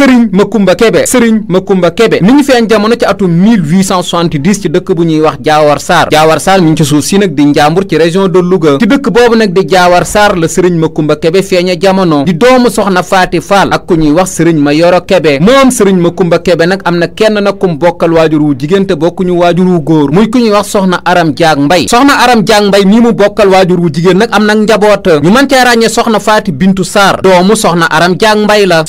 Serigne Makumba Kebe Serigne Makumba Kebe mi ngi feeñ jamono ci atum ci dëkk bu ñuy wax Jaawar Saar Jaawar Saar mi ngi ci suuf si nag di Njàmbur ci région de Louga ci dëkk boobu nag di Jaawar Saar la Serigne Makumba Kebe feeña jamono di doomu soxna Faati Faal ak ku ñuy wax ma yoro Kebe moom ma Makumba Kebe nag am na kenn nag kum bokkal waajur wu jigéen te ñu waajur wu góor muy ku ñuy wax soxna Aram Jaag Mbay soxna Aram Jaag Mbay mii mu bokkal waajur wu jigéen nag am nag njaboot ñu mën cee ràññee soxna Faati Bintu Saar doomu soxna Aram Jaag Mbay la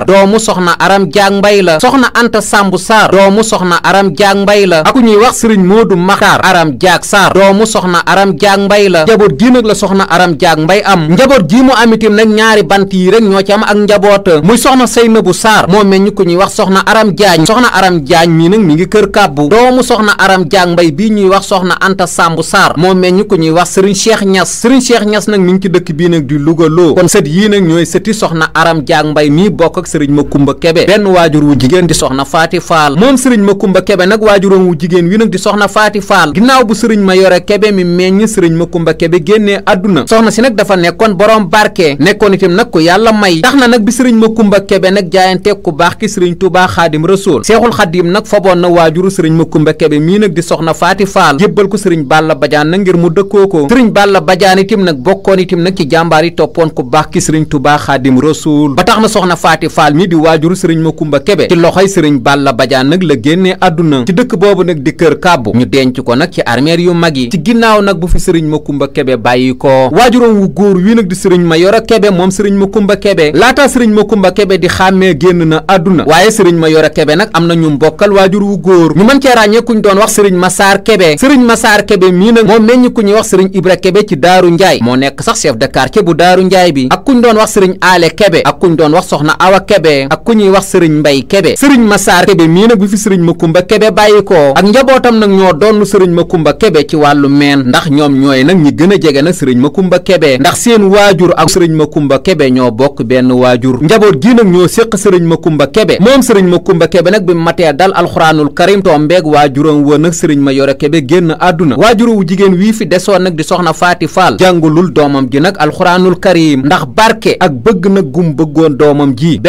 Sarr doomu soxna Aram Jaag Mbay la soxna Anta Sambu Sarr doomu soxna Aram Jaag Mbay la ak ku ñuy wax Sëriñ Moodu Maxtaar Aram Jaag Sarr doomu soxna Aram Jaag Mbay la njaboot gi nag la soxna Aram Jaag Mbay am njaboot ji mu am itam nag ñaari bant yi rek ñoo ci am ak njaboota muy soxna Seynabu Sarr moo meññ ku ñuy wax soxna Aram Jaañ soxna Aram Jaañ mii mi ngi kër kàbbu doomu soxna Aram Jaag Mbay bii ñuy wax soxna Anta Sambu Sarr moo meññ ku ñuy wax Sëriñ Cheikh Ñas Sëriñ Cheikh Ñas nag mi ngi ci dëkk bii nag di Louga loo kon sët yii nag ñooy sëti soxna Aram Jaag Mbay mii bokk ak sëriñ Makumba Kebe benn waajur wu jigéen di soxna Faati Faal moom sëriñ Makumba Kebe nag waajuroom wu jigéen wi nag di soxna Faati Faal ginnaaw bu sëriñ ma yore Kebe mi meññ sëriñ Makumba Kebe génnee àdduna soxna si nag dafa nekkoon boroom barke nekkoon itam nag ko yàlla may tax na nag bi sëriñ Makumba Kebe nag jaayante ku baax ki sëriñ Tuubaa Xaadim Rasuul Seexul Xaadim nag foboon na waajuru sëriñ Makumba Kebe mii nag di soxna Faati Faal jébbal ko sëriñ Balla Badiane nag ngir mu dëkkoo ko sëriñ Balla Badiane itam nag bokkoon itam nag ci jàmbaar yi toppoon ku Fall mi di waajuru sëriñ Makumba Kebe ci loxoy sëriñ Balla Badiane nag la génnee àdduna ci dëkk boobu nag di kër kàbbu ñu denc ko nag ci armeer yu mag yi ci ginnaaw nag bu fi sëriñ Makumba Kebe bàyyi ko waajuroom wu góor wi nag di sëriñ Mayoro Kebe moom sëriñ Makumba Kebe laataa sëriñ Makumba Kebe di xàmmee génn na àdduna waaye sëriñ Mayoro Kebe nag am na ñu mbokkal waajur wu góor ñu mën cee ràññee kuñ doon wax sëriñ Masaar Kebe sëriñ Masaar Kebe mii nag moo meññ ku ñuy wax sëriñ Ibra Kebe ci Daaru Njaay moo nekk sax chef de Daaru Njaay bi ak kuñ Makumba Kebe ak ku ñuy wax sëriñ Mbay Kebe sëriñ Masaar Kebe mii nag bi fi sëriñ Makumba Kebe bàyyi ko ak njabootam nag ñoo doon sëriñ Makumba Kebe ci wàllu meen ndax ñoom ñooy nag ñi gën a jege nag sëriñ ma Makumba Kebe ndax seen waajur ak sëriñ ma Makumba Kebe ñoo bokk benn waajur njaboot gi nag ñoo séq sëriñ ma Makumba Kebe moom sëriñ Makumba Kebe nag bi matee dal alxuraanul karim tombeeg waajuram woon nag sëriñ ma Mayoro Kebe génn àdduna waajuru wu jigéen wii fi desoon nag di soxna Faati Faal jàngulul doomam ji nag alxuraanul karim ndax barke ak bëgg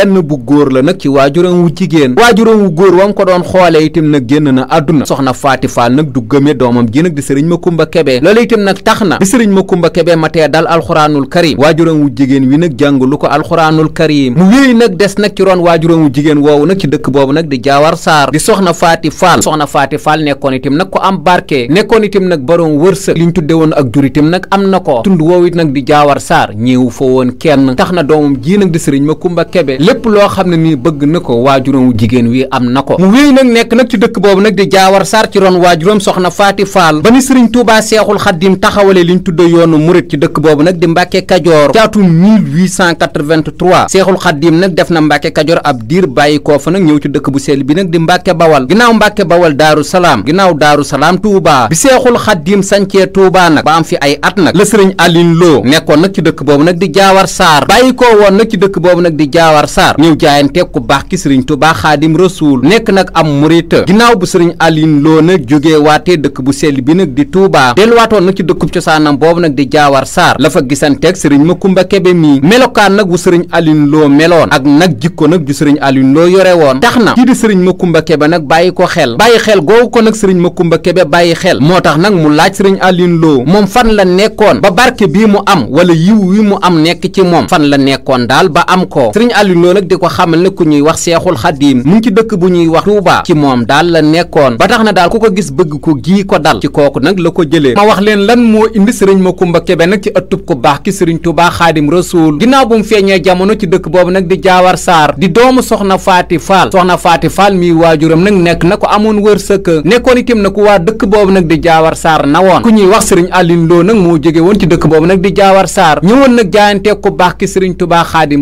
benn bu góor la nag ci waajuram wu jigéen waajuram wu góor wa mu ko doon xoole itam nag génn na àdduna soxna Faati Faal nag du gëme doomam ji nag di sëriñ Makumba Kebe loolu itam nag tax na bi sëriñ Makumba Kebe matee dal alxuraanul karim waajuram wu jigéen wi nag jàng lu ko alxuraanul karim mu wéy nag des nag ci roon waajuram wu jigéen woowu nag ci dëkk boobu nag di jaawar saar di soxna Faati Faal soxna Faati Faal nekkoon itam nag ko am barke nekkoon itam nag borom wërsëg li ñu tudde woon ak jur nag am na ko tund woowu it nag di jaawar saar ñëewu fa woon kenn tax na doomam ji nag di sëriñ Makumba lépp loo xam ne nii bëgg na ko waajuram wu jigéen wi am na ko mu wéy nag nekk nag ci dëkk boobu nag di jaawar sar ci ron waajuram soxna faati faal ba ni sëriñ tuubaa seexul xaddim taxawale liñ tudda yoonu murit ci dëkk boobu nag di mbàkke kajoor caatum 1883 seexul xaddim nag def na mbàkke kajoor ab diir bàyyi koo fa nag ñëw ci dëkk bu sell bi nag di mbàkke bawal ginnaaw mbàkke bawal daaru salaam ginnaaw daaru salaam tuubaa bi seexul xaddim sancee tuubaa nag ba am fi ay at nag la sëriñ alin loo nekkoon nag ci dëkk boobu nag di jaawar saar bàyyi koo woon Sarr ñëw jaayante ku baax ki sëriñ Tuubaa Xaadim Rasuul nekk nag am murit ginnaaw bu sëriñ Alioune Lo nag jógee waatee dëkk bu sell bi nag di Touba waatoon nag ci dëkkub cosaanam boobu nag di Jaawar Sarr la fa gisanteeg sëriñ Makumba Kebe mii melokaan nag wu sëriñ Alioune Lo meloon ak nag jikko nag ju sëriñ Alioune Lo yore woon tax na kii di sëriñ Makumba Kebe nag bàyyi ko xel bàyyi xel googu ko nag sëriñ kumba Kebe bàyyi xel moo tax nag mu laaj sëriñ Alioune Lo moom fan la nekkoon ba barke bii mu am wala yiw wi am nekk ci moom fan la nekkoon ñëw nag di ko xamal ne ku ñuy wax seexul xadiim mu ngi ci dëkk bu ñuy wax Tuubaa ci moom daal la nekkoon ba tax na daal ku ko gis bëgg ko gii ko dal ci kooku nag la ko jëlee ma wax leen lan moo indi sëriñ Makumba Kebe nag ci ëttub ko baax ki sëriñ Tuubaa xaadim rasuul ginnaaw bu mu feeñee jamono ci dëkk boobu nag di jaawar saar di doomu soxna faati faal soxna faati faal miy waajuram nag nekk na ko amoon wërsëg nekkoon itam na ku waa dëkk boobu nag di jaawar saar na woon ku ñuy wax sëriñ Alin Lo nag moo jóge woon ci dëkk boobu nag di jaawar saar ñëwoon nag jaayantee ku baax ki sëriñ Tuubaa xaadim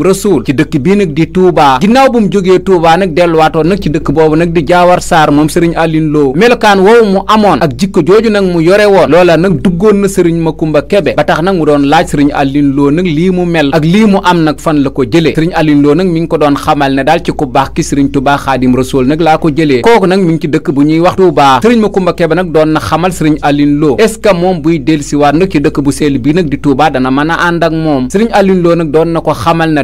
di Touba ginnaaw bu mu jógee Touba nag delluwaatoon nag ci dëkk boobu nag di Jaawar Saar moom Serigne Aline melokaan woowu mu amoon ak jikko jooju nag mu yore woon loola nag duggoon na Serigne Makumba tax nag mu doon laaj Serigne Aline Lo nag lii mu mel ak lii mu am nag fan la ko jëlee Serigne Aline Lo nag mi ngi ko doon xamal ne daal ci ku baax ki Serigne Touba Xaadim Rasool nag laa ko jëlee kooku nag mi ngi ci dëkk bu ñuy wax Touba Serigne Makumba Kebe nag doon na xamal Serigne Aline Lo est moom buy dellusiwaat nag ci dëkk bu sell bi nag di Touba dana mën a ànd nag doon na ko xamal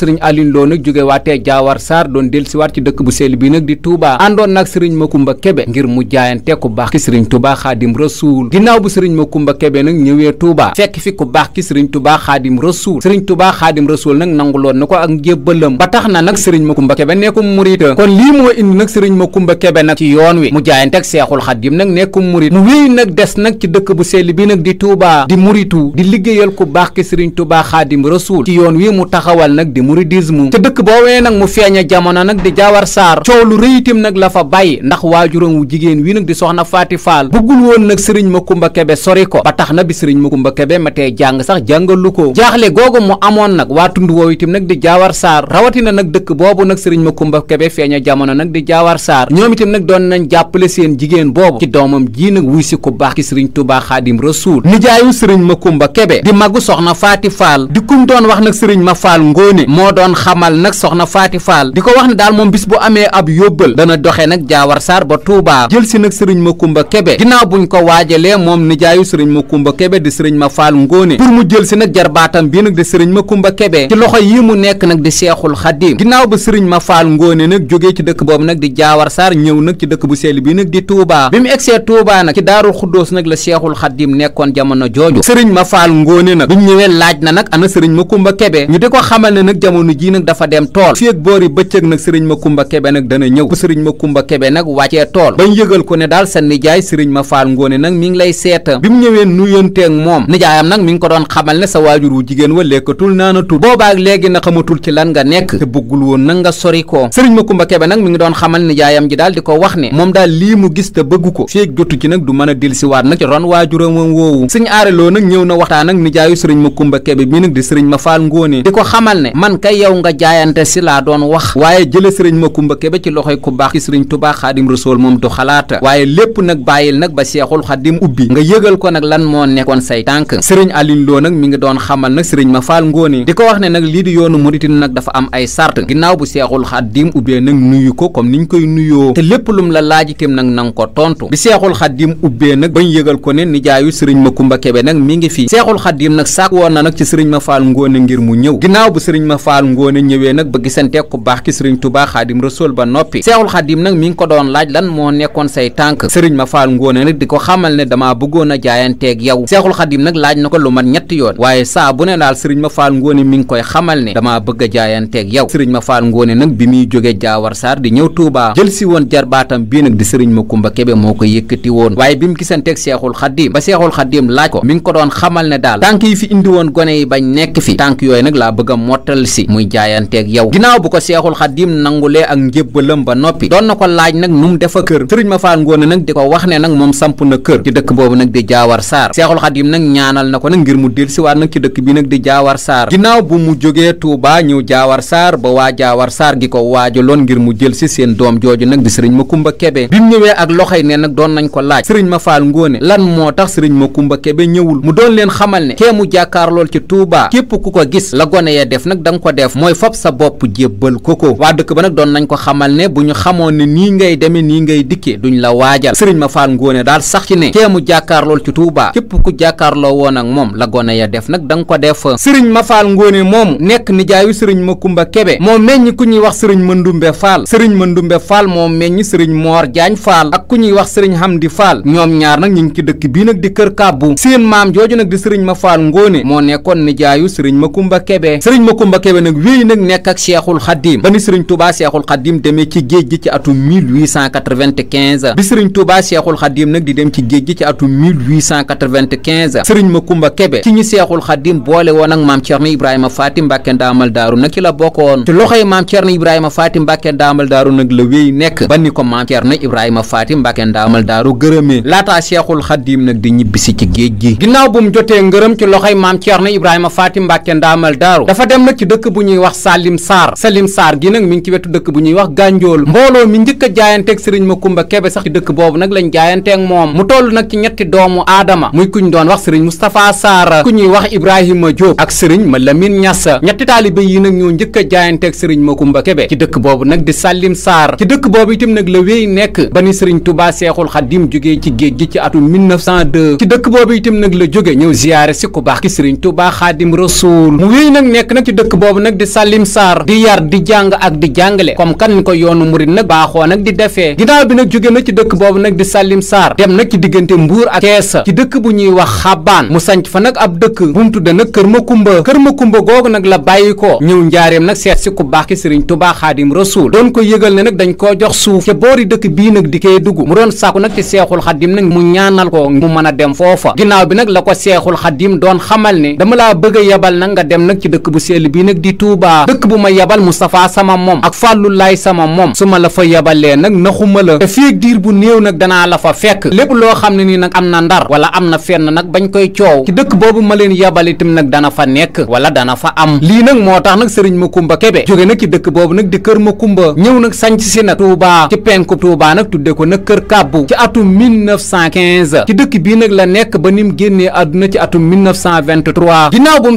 sëriñ alinloo Lo nag jóge waatee Diawar Sarr doon dellusiwaat ci dëkk bu sell bi nag di Touba àndoon nag sëriñ Makumba Kebe ngir mu jaayante ku baax ki sëriñ Touba Xaadim Rasuul ginnaaw bu sëriñ Makumba Kebe nag ñëwee Touba fekk fi ku baax ki sëriñ Touba Xaadim Rasuul sëriñ Touba Xaadim Rasuul nag nanguloon na ko ak njébbalam ba tax na nag ma Makumba Kebe nekkum murita kon lii moo indi nag sëriñ Makumba Kebe nag ci yoon wi mu jaayante ak Seexul Xaadim nag nekkum murit mu wéy nag des nag ci dëkk bu sell bi nag di Touba di muritu di liggéeyal ku baax ki sëriñ Touba Xaadim Rasuul ci yoon wi mu taxawal nag di mouridisme ca dëkk boobee nag mu feeña jamono nag di jaawar saar coow lu rëy itam nag la fa bàyyi ndax waajuram wu jigéen wi nag di soxna Faati Faal bëggul woon nag sëriñ Makumba Kebe sori ko ba tax na bi sëriñ Makumba Kebe ma tee sax jàngalu ko jaaxle googu mu amoon nag waa tund woowu nag di jaawar saar rawatina nag dëkk boobu nag sëriñ Makumba Kebe feeña jamono nag di jaawar saar ñoom itam nag doon nañ jàppale seen jigéen boobu ci doomam ji nag wuy si ku baax ki sëriñ Tuubaa Xaadim Rasuul nijaayu sëriñ Makumba Kebe di magu soxna Faati Faal di kum doon wax nag sëriñ ma faal ngóone moo doon xamal nag soxna Faati Fall di ko wax ne daal moom bis bu amee ab yóbbal dana doxe nag jaawar saar ba Touba jël si nag sëriñ Makumba Kebe ginnaaw buñ ko waajalee moom nijaayu sëriñ ma Makumba Kebe di sëriñ ma Fall Ngóone pour mu jël si nag jarbaatam bii nag di sëriñ ma Makumba Kebe ci loxo yi mu nekk nag di Seexul Xadim ginnaaw ba sëriñ ma Fall Ngóone nag jógee ci dëkk boobu nag di jaawar saar ñëw nag ci dëkk bu sell bi nag di Touba bi mu egsee Touba nag ci Daarul Xuddoos nag la Seexul Xadim nekkoon jamono jooju sëriñ ma Fall Ngóone nag buñ laaj na nag ana sëriñ Makumba Kebe ñu di ko xamal nag jamono jii nag dafa dem tool fii ak boori bëccëg nag sëriñ ma kumba kebe nag dana ñëw bu ma kumba kebe nag wàccee tool bañ yëgal ko ne daal sa nijaay sëriñ ma faal ngóone nag mi ngi lay seeta bi mu ñëwee nuyonteeg moom nijaayam nag mi ngi ko doon xamal ne sa waajur wu jigéen wa lekkatul naanatul boobaak léegi na xamatul ci lan nga nekk bëggul woon nag nga sori ko sëriñ ma kumba kebe nag mi ngi doon xamal nijaayam ji daal di ko wax ne moom daal lii mu gis te bëgg ko fii ak jotu du mën a delsiwaat nag ci ron waajuram woowu sëriñ aareloo nag ñëw na waxtaan ak nijaayu sëriñ ma kumba kebe bi nag di sëriñ ma faal ngóone di ko xamal ne man kay yow nga jaayante si laa doon wax waaye jële sëriñ Makumba Kebe ci loxoy ku baax ki sëriñ Tuubaa Xaadim Rasuul moom du xalaata waaye lépp nag bàyyil nag ba Seexul Xaadim ubbi nga yëgal ko nag lan moo nekkoon say tànk sëriñ Alioune nag mi ngi doon xamal nag sëriñ ma faal ngóone di ko wax ne nag lii yoonu muridin nag dafa am ay sart ginnaaw bu Seexul Xaadim ubbee nag nuyu ko comme niñ koy nuyoo te lépp lum la laaj itam nag nanga ko tontu bi Seexul Xaadim ubbee nag bañ yëgal ko ne nijaayu sëriñ Makumba Kebe nag mi ngi fi Seexul Xaadim nag sàkk na nag ci sëriñ ma faal ngóone ngir mu ñëw faal ngoone ñëwee nag ba gisante ku baax ki sëriñ tubaa xaadim rasool ba noppi seexul xaadim nag mi ngi ko doon laaj lan moo nekkoon say tànk sëriñ ma faal ngoone nag di ko xamal ne dama bëggoon a jaayanteeg yow seexul xaadim ko lu mat ñetti yoon waaye saa bu ne daal ma faal ngoone mi ngi koy xamal ne dama a jaayanteeg yow sëriñ ma faal ngoone nag bi muy jóge jaawar saar di ñëw tuubaa jël si woon jarbaatam bii nag di sëriñ ma kumba kebe moo ko yëkkati woon waaye bi mu gisanteeg seexul xaadim ba seexul xaadim laaj ko mi ngi ko doon xamal ne daal tànk yi fi indi woon gone yi bañ nekk fi tànk yooyu nag laa bëgg a si muy jaayanteeg yow ginnaaw bu ko seexul xadim nangulee ak njébbalam ba noppi doon na ko laaj nag nu defa kër sëriñ ma faal ngoone nag na kër ci dëkk ñaanal na ko nag ngir mu delsiwaat nag ci dëkk bi nag di jaawar saar ginnaaw bu mu jógee Touba ñëw jaawar saar ba waa jaawar saar gi ko waajaloon ngir mu jël seen doom jooju nag di sëriñ ma kumba kebe bi mu ñëwee ak loxoy ne nag doon nañ ko laaj sëriñ ma faal ngoone lan moo tax sëriñ ma kumba kebe ñëwul mu doon leen xamal ne kee mu ku ko gis la gone ko def mooy fob sa bopp jébbal ko ko waa dëkk ba nag doon nañ ko xamal ne bu ñu xamoon ne nii ngay demee nii ngay dikkee duñ la waajal sëriñ ma faal ngóone daal sax ci ne teemu jàkkaarlool ci Touba képp ku jàkkaarloo woon ak moom la gone ya def nag da nga ko def sëriñ ma faal ngóone moomu nekk nijaayu sëriñ ma kumba kebe moo meññ ku ñuy wax sëriñ ma ndumbe faal sëriñ ma ndumbe faal moo meññ sëriñ moor jaañ faal ak ku ñuy wax sëriñ di faal ñoom ñaar nag ñu ngi ci dëkk bii nag di kër kàbbu seen maam jooju nag di sëriñ ma faal ngóone moo nekkoon nijaayu sëriñ ma kumba kebe sëriñ ma kumba kebe teewee nag wéy nag nekk ak Cheikhul Khadim ba ni Serigne Touba Cheikhul Khadim demee ci géej gi ci atum 1895 bi Serigne Touba Cheikhul nag di dem ci géej gi ci atum 1895 Serigne Makumba Kebe ci ñi Cheikhul Khadim boole woon ak maam Thierno Ibrahima Fatim Mbacke Ndaamal Daaru nag ci la bokkoon ci loxoy maam Thierno Ibrahima Fatim Mbacke Ndaamal Daaru nag la wéy nekk ba ni ko maam Thierno Ibrahima Fatim Mbacke Ndaamal Daaru gërëmee laataa Cheikhul Khadim nag di ñibbisi ci géej gi ginnaaw bu mu jotee ngërëm ci loxoy maam na Ibrahima faati Mbacke Ndaamal Daaru dafa dem nag ci dëkk bu ñuy wax Salim Sarr Salim Sarr gi nag mi ngi ci wetu dëkk bu ñuy wax Gànjool mbooloo mi njëkk a jaayanteeg sëriñ ma Makumba Kebe sax ci dëkk boobu nag lañ jaayanteeg moom mu toll nag ci ñetti doomu aadama muy kuñ doon wax sëriñ Moustapha Sarr ku ñuy wax Ibrahima Diop ak sëriñ Malamine Niass ñetti taalibe yi nag ñoo njëkk a jaayanteeg sëriñ Makumba Kebe ci dëkk boobu nag di Salim saar ci dëkk boobu itam nag la wéy nekk ba ni sëriñ Touba Seexul Xadim jógee ci géej gi ci atum 1902 ci dëkk boobu itam nag la jóge ñëw ziyaare si ku baax ki sëriñ Touba Xadim Rasul mu wéy nag nekk nag ci dëkk boobu nag di sallim saar di yar di jàng ak di jàngale comme kan ni ko yoonu murit nag baaxoo nag di defee ginnaaw bi nag jóge na ci dëkk boobu nag di Salim Sarr dem nag ci diggante Mbuur ak Cees dëkk bu ñuy wax Xabaan mu sanc fa nag ab dëkk bu mu tudde nag Kër Makumba Kër Makumba googu nag la bàyyi ko ñëw njaareem nag seet si ku baax ki Sëriñ Tuubaa Xaadim Rasuul doon ko yëgal ne nag dañ koo jox suuf ca boori dëkk bii nag di Kédougou mu doon sàkku nag ci Seexul Xaadim nag mu ñaanal ko mu mën a dem foofa ginnaaw bi nag la ko Seexul Xaadim doon xamal ne dama laa bëgg a yebal dem nag ci dëkk bu sell bii di Touba dëkk bu ma yabal Moustapha sama moom ak Fallou Laye sama moom su ma la fa yabalee nag naxuma la te fii diir bu néew nag danaa la fa fekk lépp loo xam ne nii nag am na ndar wala am na fenn nag bañ koy coow ci dëkk boobu ma leen yabal itam nag dana fa nekk wala dana fa am lii nag moo tax nag sëriñ Makumba Kebe jóge nag ci dëkk boobu nag di kër Makumba ñëw nag sanc si nag Touba ci penku Touba nag tudde ko nag kër kàbbu ci atum ci dëkk bii ba ni mu génnee àdduna ci atum 1923 ginnaaw bu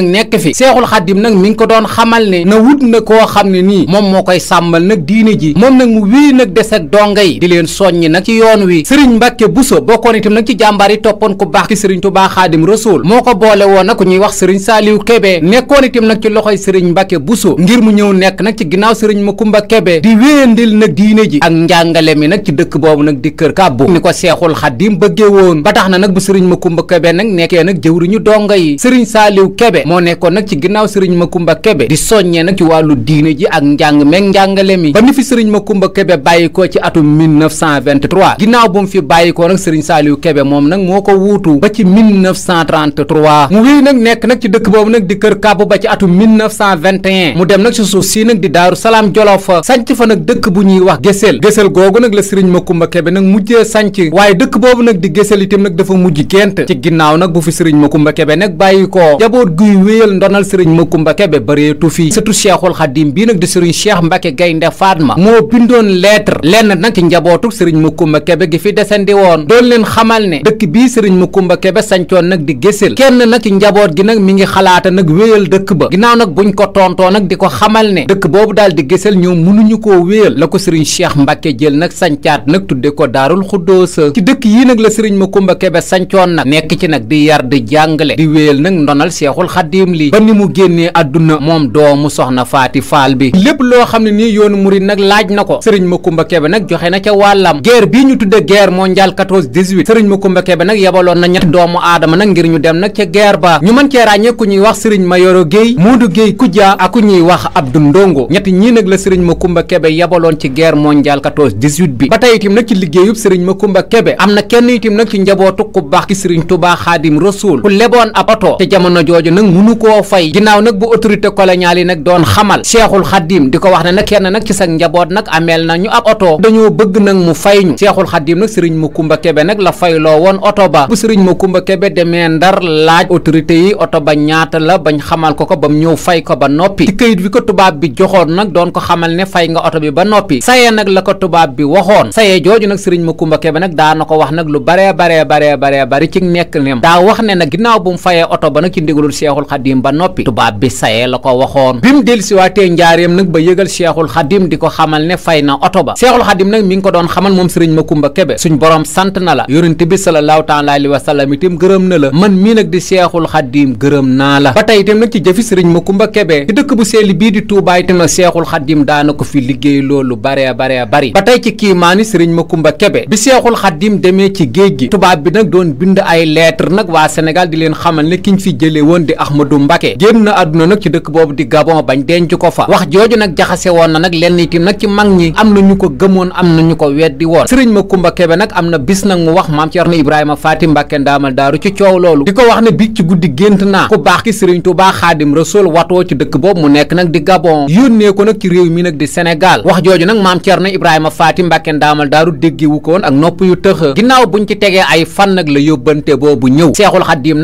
nag nekk fi seexul xaddim nag mi nga ko doon xamal ne na wut na koo xam ne nii moom moo koy sàmmal nag diine ji moom nag mu wii nag des ak donga yi di leen soññi nag ci yoon wi sëriñ mbàkke buso bokkoon itam nag ci jàmbaar yi toppoon ku baax ki sëriñ tubaa xaadim rasuul moo ko boole woon a ku ñuy wax sëriñ saaliw kebe nekkoon itam nag ci loxoy sëriñ mbàkke buso ngir mu ñëw nekk nag ci ginnaaw sëriñ makumba kebe di wéyandil nag diine ji ak njàngale mi nag ci dëkk boobu nag di kër kàbbu ni ko seexul xaddim bëggee woon ba tax na nag bu sëriñ makumba kebe nag nekkee nag jëwriñu donga yi sëriñ saaliw kebe moo nekkoon nag ci ginnaaw sëriñ Makumba Kebe di soññee nag ci wàllu diine ji ak njàng meeg njàngale mi ba mu fi sëriñ Makumba Kebe bàyyi ci atum 1923 ginnaaw bu mu fi bàyyi ko nag sëriñ Saaliw Kebe moom nag moo ko wuutu ba ci 1933 mu nag nekk nag ci dëkk boobu nag di kër kàbbu ba ci atum 1921 mu dem nag ci suuf sii nag di daaru salaam jolof sanc fa nag dëkk bu ñuy wax Géssel Géssel googu nag la sëriñ Makumba Kebe nag mujjee sanc waaye dëkk boobu nag di Géssel itam nag dafa mujj gént ci ginnaaw nag bu fi sëriñ Makumba Kebe nag bàyyi ko jaboot guy wéyal ndonal sëriñ Makumba Kebe bareetu fi sëtu Cheikhul Xadim bii nag di sëriñ Cheikh mbake Gaynde Fatma moo bindoon lettre lenn nag njabootu sëriñ Makumba Kebe gi fi desandi woon leen xamal ne dëkk bii sëriñ Makumba Kebe sancoon nag di gésil kenn nag ci njaboot gi nag mi ngi xalaata nag wéyal dëkk ba ginnaaw nag buñ ko tontoo nag di ko xamal ne dëkk boobu daal di gésil ñoom mënuñu ko wéyal la ko sëriñ Cheikh Mbacke jël nag sancaat nag tudde ko daarul xuddoosa ci dëkk yii nag la sëriñ Makumba Kebe sancoon nag nekk ci nag di yar di jàngale di nag ndonal Cheikhul xaddiim li ba ni mu génnee àdduna moom doomu soxna faati faal bi lépp loo xam ne nii yoonu murit nag laaj na ko sëriñ Makumba Kebe nag joxe na ca wàllam geer bi ñu tudde guerre mondiale 14 18 sëriñ Makumba Kebe nag yabaloon na ñetti doomu aadama nag ngir ñu dem nag ca guerre ba ñu mën cee ràññee ku ñuy wax sëriñ Mayoro Gueye Modou géey Koudia ak ku ñuy wax Abdou Ndongo ñetti ñii nag la sëriñ Makumba Kebe yabaloon ci guerre mondiale 14 18 bi ba tey itam nag ci liggéeyub sëriñ Makumba Kebe am na kenn itam nag ci njabootu ku baax ki sëriñ Touba Xaadim Rasuul ku leboon ab jamono jooju nag munu ko fay ginnaaw nag bu autorité coloniale yi nag doon xamal Cheikhul Khadim di ko wax ne nag kenn nag ci sa njaboot nag ameel na ñu ab oto dañoo bëgg nag mu fay ñu Cheikhul Khadim nag ma Macoumba Kébé nag la fayloo woon oto ba bu ma Macoumba kebe demee Ndar laaj autorité yi oto ba ñaata la bañ xamal ko ko ba mu ñëw fay ko ba noppi ci kayit bi ko tubaab bi joxoon nag doon ko xamal ne fay nga oto bi ba noppi saye nag la ko tubaab bi waxoon saye jooju nag Serigne Macoumba Kébé nag daa na ko wax nag lu baree baree baree baree bari ci nekk nem daa wax ne ginnaaw bu mu fayee oto ba nag ci ndigalul Cheikhul xadim ba noppi tubaab bi sayee la ko waxoon bi mu dellusiwaatee njaareem nag ba yëgal seexul xadim di ko xamal ne fay na oto ba seexul xadim nag mi ngi ko doon xamal moom ma Makumba Kebe suñ borom sant na la yonente bi sallallahu taala alayhi wa sallam itam gërëm na la man mii nag di seexul xadim gërëm naa la ba tey itam nag ci jëfi sëriñ Makumba Kebe ci dëkk bu seeli bii di Tuubaa itam nag seexul xadim daana ko fi liggéey loolu bare bare bari ba tey ci kiimaani sëriñ Makumba Kebe bi seexul xadim demee ci géej gi tubaab bi nag doon bind ay lettre nag waa Sénégal di leen xamal ne kiñ fi jële woon di Ahmadou Mbacké génn na àdduna nag ci dëkk boobu di Gabon bañ denc ko fa wax jooju nag jaxase woon na nag lenn itim nag ci mag ñi am na ñu ko gëmoon am na ñu ko weddi woon sëriñ Makumba Kebe nag am na bis nag mu wax maam Cerno Ibrahima Faati Mbacké ndaamal daaru ci coow loolu di ko wax ne bi ci guddi gént naa ku baax ki sëriñ Tuubaa Xaadim Rasuul watoo ci dëkk boobu mu nekk nag di Gabon yónnee ko nag ci réew mi nag di Sénégal wax jooju nag maam Cerno Ibrahima Faati Mbacké ndaamal daaru déggewu ko woon ak nopp yu tëx ginnaaw buñ ci tegee ay fan nag la yóbbante boobu ñëw Seexul Xaadim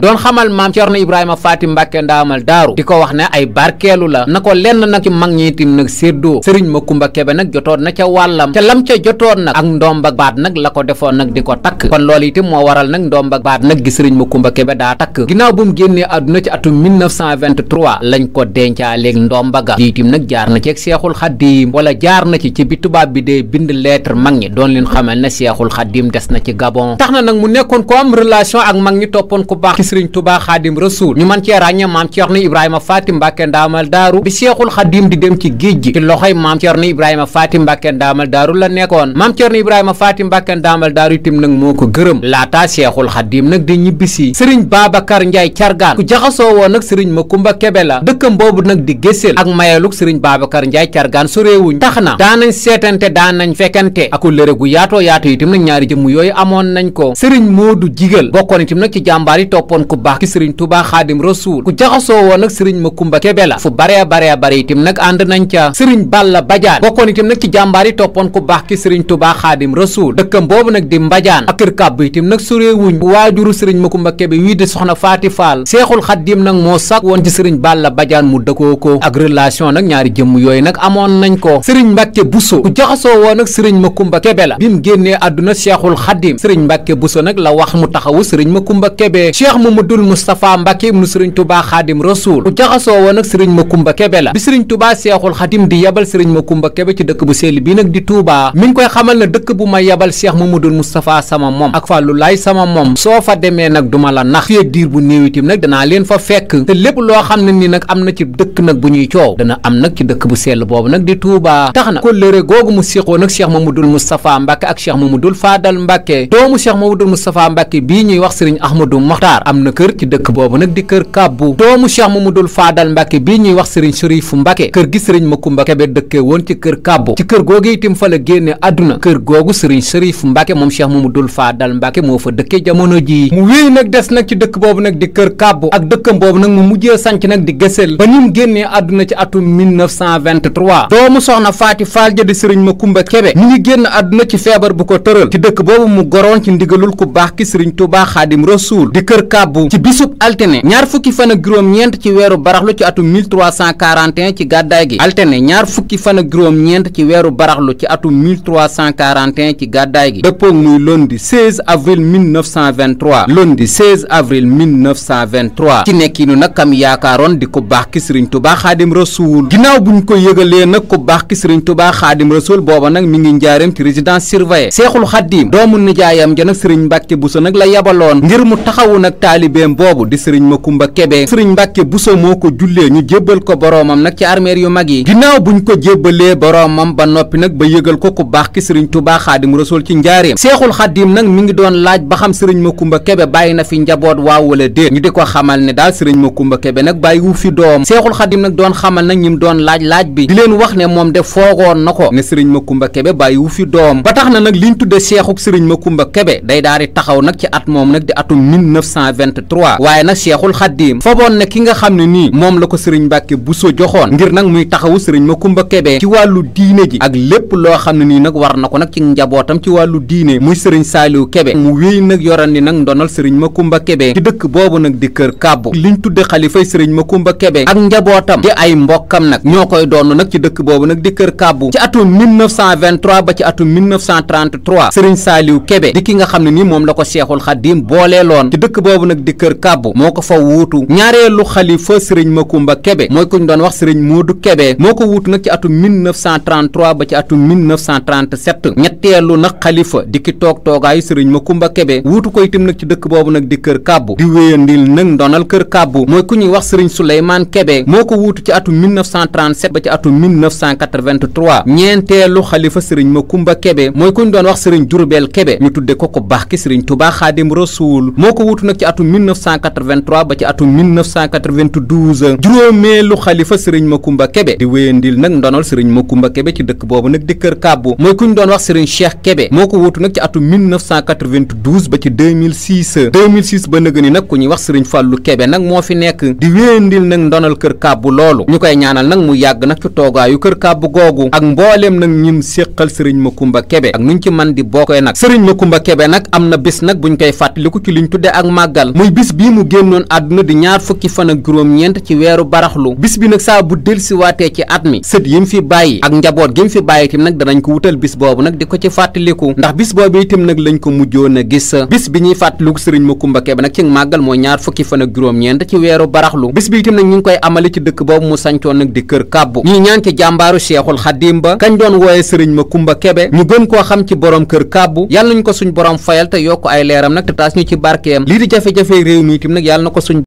doon xamal maam Cerno Ibrahima Faati Mbàkke ndaamal daaru di ko wax ne ay barkeelu la na ko lenn nag ci mag ñi tim nag séddoo sëriñ Makumba Kebe nag jotoon na ca wàllam ca lam ca jotoon nag ak ndoom ak baat nag la ko defoon nag di ko takk kon loolu itam moo waral nag ndoom ak baat nag gi sëriñ Makumba Kebe daa takk ginnaaw bu mu génnee àdduna ci atum 1923 lañ ko dencaaléeg ndomba ga diitim nag jaar na ci ak Seexul Xaddiim wala jaar na ci ci bi tubaab bi dee bind lettre mag ñi doon leen xamal ne Seexul Xaddiim des na ci Gabon sëriñ tubaa xaadim rasuul ñu mën cee ràññe maam Ceerno Ibrahima Faati Mbàkke ndaamal daaru bi seexul xadim di dem ci géej gi ci loxoy maam Ceerno Ibrahima Faati Mbàkke ndaamal daaru la nekkoon maam Ceerno Ibrahima Faati Mbàkke ndaamal daaru itam nag moo ko gërëm laataa seexul xadim nag di ñibbisi sëriñ Babacar Njaay cargaan ku jaxasoo woon nag sëriñ ma kumba Kebe la dëkkam boobu nag di géssel ak mayeluk sëriñ Babacar Njaay cargaan soréewuñ tax na daanañ seetante daanañ fekkante aku lëre gu yaatoo yaatoo itam nag ñaari jëmm yooyu amoon nañ ko sëriñ nekkoon ku baax ki sëriñ Tuubaa Xaadim Rasuul ku jaxasoo woon nag sëriñ Makumba Kebe la fu bare bare bare itam nag ànd nañ ca sëriñ Balla Badiane bokkoon itam nag ci jàmbaar yi toppoon ku baax ki sëriñ Tuubaa Xaadim Rasuul dëkkam boobu nag di Mbadiane ak kër kàbb itam nag suréewuñ waajuru sëriñ Makumba Kebe wii di soxna Faati Faal Seexul Xaadim nag moo sàkk woon ci sëriñ Balla Badiane mu dëkkoo ko ak relation nag ñaari jëmm yooyu nag amoon nañ ko sëriñ Mbàkke Buso ku jaxasoo woon nag sëriñ Kebe la bi mu génnee àdduna Seexul Xaadim sëriñ Mbàkke Buso nag la wax mu taxawu sëriñ Makumba Kebe Cheikh Mamadul Moustapha Mbacke ibnu Serigne Touba Xaadim Rasoul bu jaxasoo woon ak Serigne Makumba Kebe la bi Serigne Touba Seexul Xadim di yabal Serigne Makumba Kebe ci dëkk bu sell bi nag di Touba mi ngi koy xamal na dëkk bu ma yabal Cheikh Mamadul Moustapha sama moom ak Fallou Laye sama moom soo fa demee nag duma la nax fii ak diir bu néew itam nag danaa leen fa fekk te lépp loo xam na ni nag am na ci dëkk nag bu ñuy coow dana am nag ci dëkk bu sell boobu nag di Touba tax na kóllëre googu mu séqoon ak Cheikh Mamadul Moustapha Mbacke ak Cheikh Mamadul Fadal Mbacke doomu Cheikh Mamadul Moustapha Mbacke bii ñuy wax Serigne Ahmadou am na kër ci dëkk boobu nag di kër kàbbu doomu cheikh mamadul faadal mbàkke bii ñuy wax sëriñ sërifu mbàkke kër gi sëriñ makumba kebe dëkkee woon ci kër kàbbu ci kër googu itam fa la génne àdduna kër googu sëriñ sërifu mbàkke moom cheikh mamadul faadal mbàkke moo fa dëkkee jamono jii mu wéy nag des nag ci dëkk boobu nag di kër kàbbu ak dëkkam boobu nag mu mujjee sanc nag di gësel ba nim génnee àdduna ci atum 1923 doomu soxna faati faal ja di sëriñ makumba kebe mu ngi génn àdduna ci feebar bu ko tëral ci dëkk boobu gàbbu ci bisub altine ñaar fukki fan ak juróom-ñeent ci weeru baraxlu ci atum 1341 ci gàddaay gi altine ñaar fukki fan ak juróom-ñeent ci weeru baraxlu ci atum 1341 ci gàddaay gi dëppoog muy lundi 16 avril 1923 lundi 16 avril 1923 ci nekkinu nag kam yaakaaroon di ku baax ki sëriñ tubaa xaadim rasuul ginnaaw buñ ko yëgalee nag ku baax ki sëriñ tubaa xaadim rasuul booba nag mi ngi njaareem ci résidence surveillée seexul xaadim doomu nijaayam ja nag sëriñ mbàkke buso nag la yabaloon ngir mu taalibeem boobu di sëriñ Makumba Kebe sëriñ Mbàkke Buso moo ko jullee ñu jébbal ko boroomam nag ci armeer yu mag yi ginnaaw buñ ko jébbalee boroomam ba noppi nag ba yëgal ko ku baax ki sëriñ Tubaa Xaadim Rasuul ci njaareem seexul xaddiim nag mi ngi doon laaj ba xam sëriñ Makumba Kebe bàyyi na fi njaboot waaw wala déet ñu di ko xamal ne daal sëriñ Makumba Kebe nag bàyyi fi doom seexul xaddiim nag doon xamal nag ñim doon laaj laaj bi leen wax ne moom de foogoon na ko ne sëriñ Makumba Kebe bàyyi wu fi doom ba tax na nag li liñ tudde seexuk sëriñ kumba Kebe day daal taxaw nag ci at moom nag di atum 1920 2023 waaye nag Cheikhul Khadim foboon na ki nga xam ne nii moom la ko sëriñ Mbàkke Buso joxoon ngir nag muy taxawu sëriñ ma Makumba Kebe ci wàllu diine ji ak lépp loo xam ne nii nag war na ko nag ci njabootam ci wàllu diine muy sëriñ Saaliw Kebe mu wéy nag yoran ni nag ndonal sëriñ Makumba Kebe ci dëkk boobu nag di kër kàbbu liñ tudde xalifay sëriñ ma Makumba Kebe ak njabootam di ay mbokkam nag ñoo koy doon nag ci dëkk boobu nag di kër kàbbu ci atum 1923 ba ci atum 1933 sëriñ Saaliw Kebe di ki nga xam ne nii moom la ko Cheikhul Khadim nag di kër kàbbu moo ko fa wuutu ñaareelu xalifa sëriñ Makumba Kebe mooy ko ñu doon wax sëriñ Moodu Kebe moo ko wuutu nag ci atum 1933 ba ci atum 1937 ñetteelu nag xalifa di ki toog toogaayu sëriñ Makumba Kebe wuutu ko itam nag ci dëkk boobu nag di kër kàbbu di wéyandil nag ndonal kër kàbbu mooy ku ñuy wax sëriñ Souleymane Kebe moo ko wuutu ci atum 1937 ba ci atum 1983 ñeenteelu xalifa sëriñ Makumba Kebe mooy ku ñu doon wax sëriñ Jurbel Kebe ñu tudde ko ko baax ki sëriñ Tuubaa Xaadim Rasuul moo ko wuutu nag ci atum atum 1983 ba ci atum 1992 juróomeelu xalifa sëriñ Makumba Kebe di wéyandil nag ndonal sëriñ Makumba Kebe ci dëkk boobu nag di kër kàbbu mooy ku ñu doon wax sëriñ Cheikh Kebe moo ko wuutu nag ci atum 1992 ba ci 2006 2006 ba nëgë ni nag ku ñuy wax sëriñ Fàllu Kebe nag moo fi nekk di wéyandil nag ndonal kër kàbbu loolu ñu koy ñaanal nag mu yàgg nag ci toogaayu kër kàbbu googu ak mbooleem nag ñim séqal sëriñ Makumba Kebe ak nuñ ci man di bokkee nag sëriñ Makumba Kebe nag am na bis nag waral muy bis bi mu génnoon àdduna di ñaar fukki fan ak juróom-ñeent ci weeru baraxlu bis bi nag saa bu delsiwaatee ci at mi sët yi mu fi bàyyi ak njaboot gi mu fi bàyyi itam nag danañ ko wutal bis boobu nag di ko ci fàttaliku ndax bis boobu itam nag lañ ko mujjoon a gis bis bi ñuy fàttaliku sëriñ Makumba Kebe nag ci màggal mooy ñaar fukki fan ak juróom-ñeent ci weeru baraxlu bis bi itam nag ñu ngi koy amali ci dëkk boobu mu sancoon nag di kër kàbbu ñuy ñaan ci jàmbaaru Seexul Xadim ba kañ doon wooye sëriñ Makumba Kebe ñu gën xam ci borom kër kàbbu yàlla nañ ko suñ borom fayal te yokk ay leeram nag ci barkeem jafe-jafe réew mi itam nag yàlla na ko suñ